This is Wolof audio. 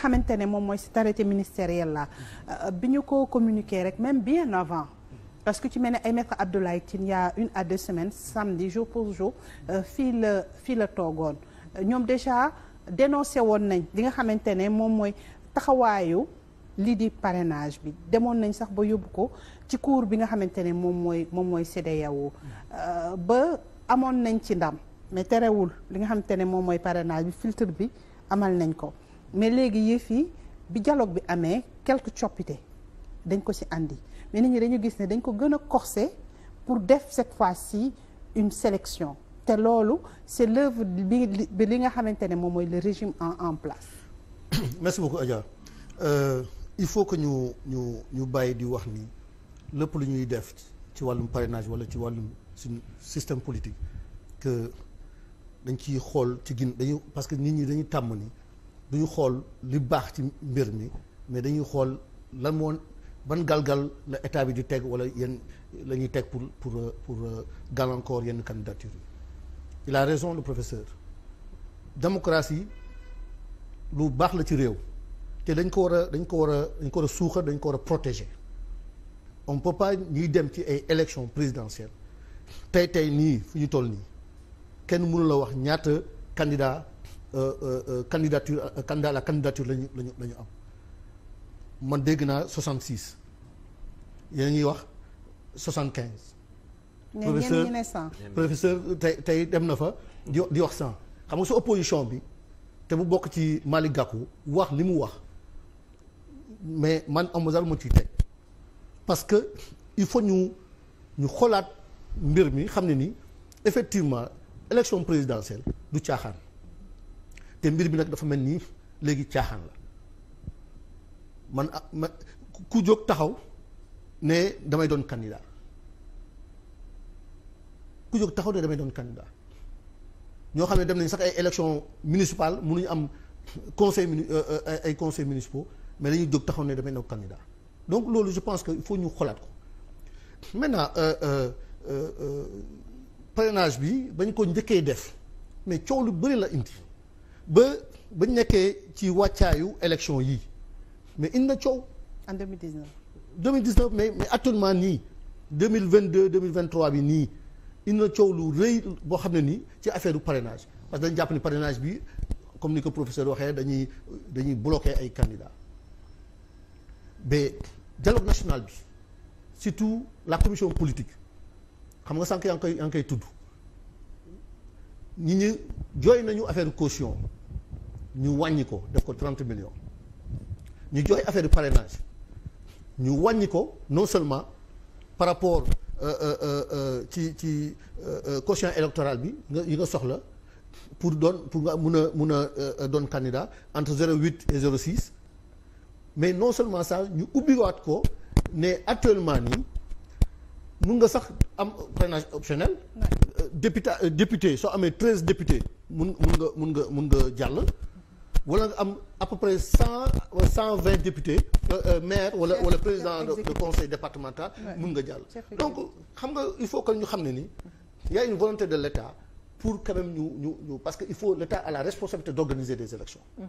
xamante ne moom mooy cet arrêté ministériel la euh, bi ñu ko communiqué rek même bien avant parce que ci mel ni ay maître Abdoulaye Tine y a une à deux semaines samedi jour pour jour euh, fii la fii la toogoon euh, ñoom déjà dénoncé woon nañ li nga xamante ne moom mooy taxawaayu lii di parenage bi demoon nañ sax ba yóbbu ko ci cour bi nga xamante ne moom mooy moom mooy CEDEAO ba amoon nañ ci ndam mais terewul li nga xamante ne moom mooy parenage bi filtre bi amal nañ ko mais léegi yëf yi bi jaloog bi amee quelque coppite dañ ko ci andi mais nit ñi dañu gis ne dañ ko gën a corser pour def cette fois-ci une sélection te loolu c'est l'œuvre bi li nga xamante ne moom mooy le régime en en place. merci beaucoup Adja euh, il faut que ñu ñu ñu bàyyi di wax ni lépp lu ñuy def ci wàllum parrainage wala ci wàllum suñu système politique que dañ ciy xool ci gin dañu parce que nit ñi dañu tàmm ni. duñu xool li baax ci mbir mi mais dañuy xool lan moon ban galgal la état bi di teg wala yenn la ñuy teg pour pour pour euh, gàllankoor yenn candidature yi il la raison le professeur démocratie lu baax la ci réew te dañ ko war a dañ ko war a dañ ko war a suuxat dañ ko war a protéger on ñuy dem ci ay élections présidentielles tey tey nii fu ñu toll nii kenn mënu la wax ñaata candidat Euh, euh, euh, candidature candidat la candidature lañu lañu la ñu am man dégg naa 66 yéen a ngi wax 75. professeur professeur tey tey dem na fa di wax 100 xam nga su opposition bi te bu bokk ci Malick Gakou wax li mu wax mais man amazal moo ciy teg parce que il faut ñu ñu xoolaat mbir mi xam ne ni effectivement élection présidentielle du caaxaan. te mbir bi nag dafa mel nii léegi caaxaan la man ah, ma ku jóg taxaw ne damay doon candidat ku jóg taxaw ne damay doon candidat ñoo xam ne dem nañ sax ay élection municipale mënuñu am conseil muni euh, euh, ay conseils municipaux mais dañuy jóg taxaw ne damay doon candidat donc loolu je pense que foo ñu xoolaat ko maintenant euh, parenage bi bañ ko njëkkee def mais coow lu bëri la inti ba bañ nekkee ci wàccaayu élection yi mais indi na coow. en 2019. 2019 mais mais actuellement nii 2022 2023 bi nii indi na coow lu rëy boo xam ne nii ci affaire du parce que dañu jàpp ni parrainage bi comme ni ko professeur waxee dañuy dañuy bloquer ay candidats mais dialogue national bi surtout la commission politique xam nga sànq yaa ngi koy yaa ngi koy tudd ñi ñu jooy nañu affaire caution. ñu wàññi ko def ko 30 million ñu joxe affaire du ñu wàññi ko non seulement par rapport euh, euh, euh, ci ci quotient électoral bi nga yi nga soxla pour doon pour nga mun a mun a doon candidat entre 0,8 et 0,6 mais non seulement ça ñu ubbiwaat ko ne actuellement nii mun nga sax am parrainage optionnel. député député soo amee treize députés mun mun nga mun nga mun nga jàll. wala nga am à peu près cent cent vingt députés euh, euh, maire wala wala président de conseil départemental mun nga jàll donc xam nga il faut que ñu xam ne ni y a une volonté de l'État pour quand même ñu ñu ñu parce que il faut l'État a la responsabilité d'organiser des élections mm.